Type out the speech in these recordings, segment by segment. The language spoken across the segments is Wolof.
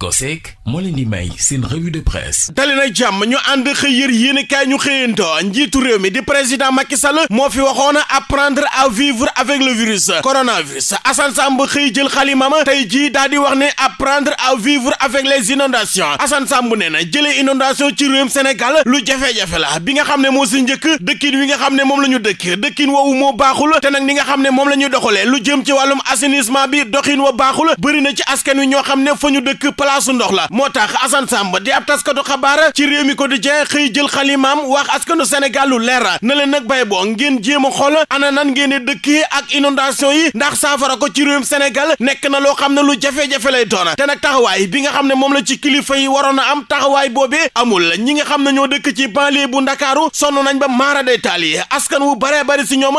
COSEC moo leen di may seen revue de na jàmm ñu ànd xëy yër yéenekaay ñu xëyantoo njiitu réew mi di président Macky moo fi waxoon apprendre à vivre avec le virus coronavirus Assane Samb xëy jël xalimam tey jii daal di wax ne apprendre à vivre avec les inondations Assane Samb nee na jëlee inondation lu jafe-jafe bi nga xam ne moo si njëkk dëkkin wi nga xam ne moom la ñu dëkk dëkkin woowu moo baaxul te nag ni xam ne moom la ñu doxalee lu jëm ci wàllum assainissement bi doxin wa baaxul bëri na ci askan wi ñoo xam ne fa ñu dëkk palaasu ndox la moo tax Assane Samb di ab taskatu xabaar ci réew mi quotidien xëy jël xalimaam wax askanu Sénégal lu leer na leen nag bay boo ngeen jéem a xool ana nan ngeen di dëkkee ak inondation yi ndax saafara ko ci réewum Sénégal nekk na loo xam ne lu jafe-jafe lay doon te nag taxawaay bi nga xam ne moom la ci kilifa yi waroon a am taxawaay boobee amul ñi nga xam ne ñoo dëkk ci banlieue bu Ndakaaru sonn nañ ba maara day taal yi askan wu baree bari si ñoom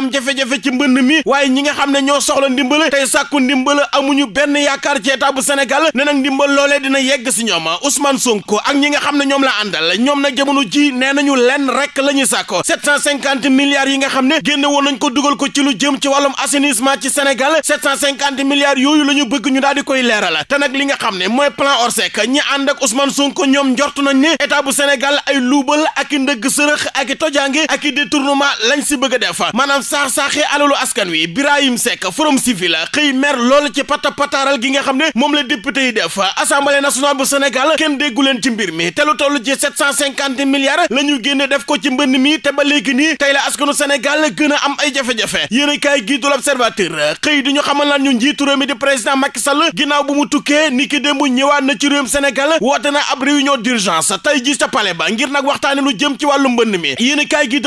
am jafe-jafe ci mbënd mi waaye ñi nga xam ne ñoo soxla ndimbal tey sàkku ndimbal amuñu benn yaakaar ci état bu Sénégal ne nag ndimbal loolee dina yegg si ñooma ñoom Ousmane Sonko ak ñi nga xam ne ñoom la àndal ñoom nag jamono ji nee nañu lenn rek la ñuy sàkko 750 milliards yi nga xam ne génne woon nañ ko dugal ko ci lu jëm ci wàllum assainissement ci Sénégal 750 milliards yooyu la ñu bëgg ñu daal di koy leeral te nag li nga xam ne mooy plan Orsec ñi ànd ak Ousmane Sonko ñoom njort nañ ne état bu Sénégal ay luubal ak i ndëgg sërëx ak i tojaange ak i détournement lañ si bëgg a saax-saaxee alalu askan wi Birahim Seck Forum Civil xëy mer lool ci pata pataaral gi nga xam ne moom la député yi def assemblée nationale bu Sénégal kenn déggu leen ci mbir mi te lu toll ci sept cent cinquante milliards la ñu génne def ko ci mbënd mi te ba léegi nii tey la askanu senegal gën am ay jafe-jafe yéen a kaay gii du l'Observateur xëy du ñu xamal lan ñu njiitu réew di président mak sal ginnaaw bu mu tukkee ni ki démb ñëwaat na ci réewum Sénégal woote na ab réunion d'urgence tey ji ca palais ba ngir nag waxtaane lu jëm ci wàllu mbënd mi yéen a kaay gii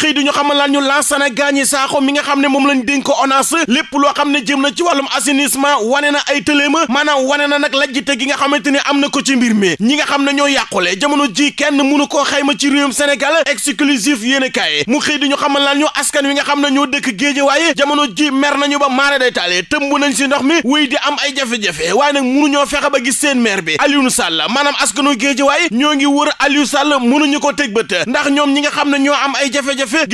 xëy du ñu xamal lan ñu lan Sénégal Mbagnick Sakho mi nga xam ne moom lañ dénk ko ONAS lépp loo xam ne jëm na ci wàllum assainissement wane na ay tëleema maanaam wane na nag lajjite gi nga xamante ni am na ko ci mbir mi ñi nga xam ne ñoo yàqule jamono ji kenn mënu ko xayma ci réewum Sénégal exclusif yéen a mu xëy di ñu xamal laan ñu askan wi xam ne ñoo dëkk Géejawaay jamono ji mer nañu ba maara day taale tëmb nañ si ndox mi wéy di am ay jafe-jafe waaye nag mënuñoo fexe ba gis seen maire bi Aliou Sall maanaam askanu Géejawaay ñoo ngi wër Aliou Sall mënuñu ko teg bët ndax ñoom ñi xam ne ñoo am ay jafe-jafe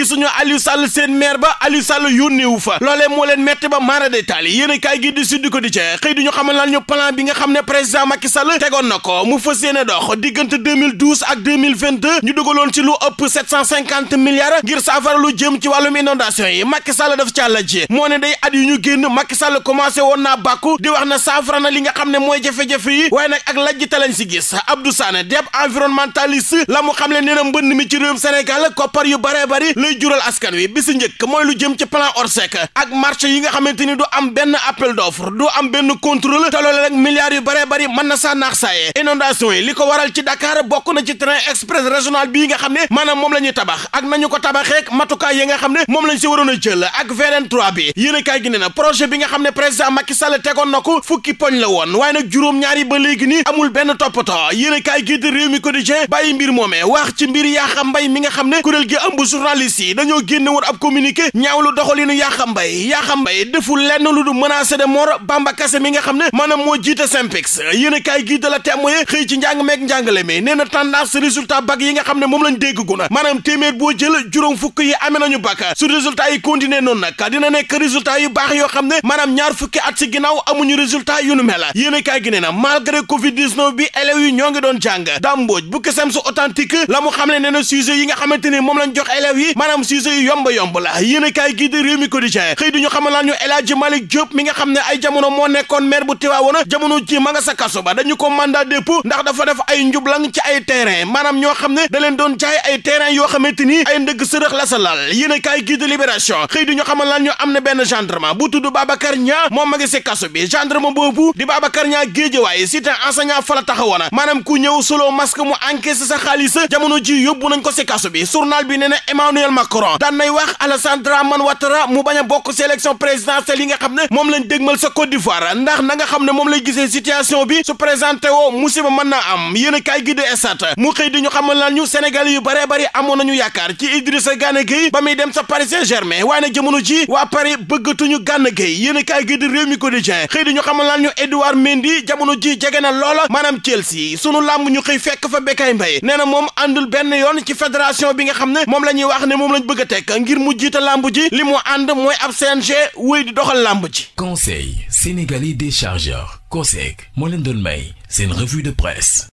seen maire ba Aliou Sall yónnee wu fa loolee moo leen metti ba maara détail yéen a kaay gi di suddi ko di ca xëy di ñu xamal laan ñu plan bi nga xam ne président Macky Sall tegoon na ko mu fas yéene dox diggante 2012 ak 2022 ñu dugaloon ci lu ëpp 750 milliards ngir saafara lu jëm ci wàllum inondation yi Macky Sall daf caa lajjee moo ne day at yu ñu génn Macky Sall commencé woon naa bàkku di wax na saafara na li nga xam ne mooy jafe-jafe yi waaye nag ak lajjte lañ si gis Abdou Sané dépp environnementaliste la mu xam le nee na mbënn mi ci réewum Sénégal koppar yu baree bari lay jural askan wi bisi njëkk mooy lu jëm ci plan Orsec ak marché yi nga xamante ni du am benn appel d'offre du am benn contrôle te loolu rek milliards yu bare bëri mën na saa naax saaye inondation yi li ko waral ci dakaar bokk na ci train express régional bii nga xam ne maanaam moom la ñuy tabax ak nañu ko tabaxeek matukaay yi nga xam ne moom lañ si waroon a jël ak VDN 3 bi yéen a gi ne na projet bi nga xam ne président Macky Sall tegoon na ko fukki poñ la woon waaye nag juróom-ñaar yi ba léegi nii amul benn toppatoo yéen a kaay gi di réew mi quotidien bàyyi mbir moomee wax ci mbir yaa mbay mi nga xam ne kuréel gi ëmb journaliste yi dañoo génne communiqué ñaawlu doxalinu Yakham Mbaye Yakham Mbaye deful lenn lu du menacé de mort Bamba Kassé mi nga xam ne maanaam moo jiite Synpics yéen a kaay gii da la témoye njàngale nee na yi nga xam ne moom lañ dégg gu na maanaam téeméer boo jël juróom fukk yi amee nañu bac su résultat yi continuer noonu nag dina yoo xam ne maanaam ñaar fukki at ci ginnaaw amuñu résultat yu nu mel yéen a kaay gi nee na malgré covid 19 yi ñoo ngi doon jàng dàmbooj bu kesem su authentique la mu xam ne nee na sujet yi nga xamante ni moom lañ jox élèves yi maanaam sujet yu yomb yomb la yéen a kaay gii di réew mi quotidien xëy ñu El Hadji Malick mi nga xam ne ay jamono moo nekkoon maire bu Tivaouane jamono ji ma nga sa kaso ba dañu ko mandat dépôt ndax dafa def ay njublang ci ay terrain maanaam ñoo xam ne da leen doon jaay ay terrain yoo xamante ni ay ndëgg sërëx la sa lal yéen a kaay gii di libération xëy ñu am na benn gendarme bu tudd Babacar Nia moom ma ngi si kaso bi gendarme boobu di Babacar Nia géejëwaay cité enseignant fa la taxawoon maanaam ku ñëw solo masque mu encaissé sa xaalis jamono ji ko si na Alassane Dramane Ouattara mu bañ a bokk si élection présidentielle yi nga xam ne moom lañ dégmal sa Côte d'Ivoire ndax na nga xam ne moom lay gisee situation bi su présenté woo musiba mën naa am yéen a kaay gi mu xëy di ñu xamal lan ñu Sénégal yu bare bari amoon nañu yaakaar ci Idrissa Gana Gueye ba muy dem sa Paris Saint-Germain waaye nag jamono ji waa Paris bëggatuñu Gana Gueye yéen a kaay gi di Rewmi Quotidien xëy di ñu xamal bi nga xam ne moom la ñuy wax ne jiite làmb ji li mu ànd mooy ab CNG wéy di doxal làmb ji. Conseil sénégalais des chargeurs COSEC moo leen doon may seen revue de presse.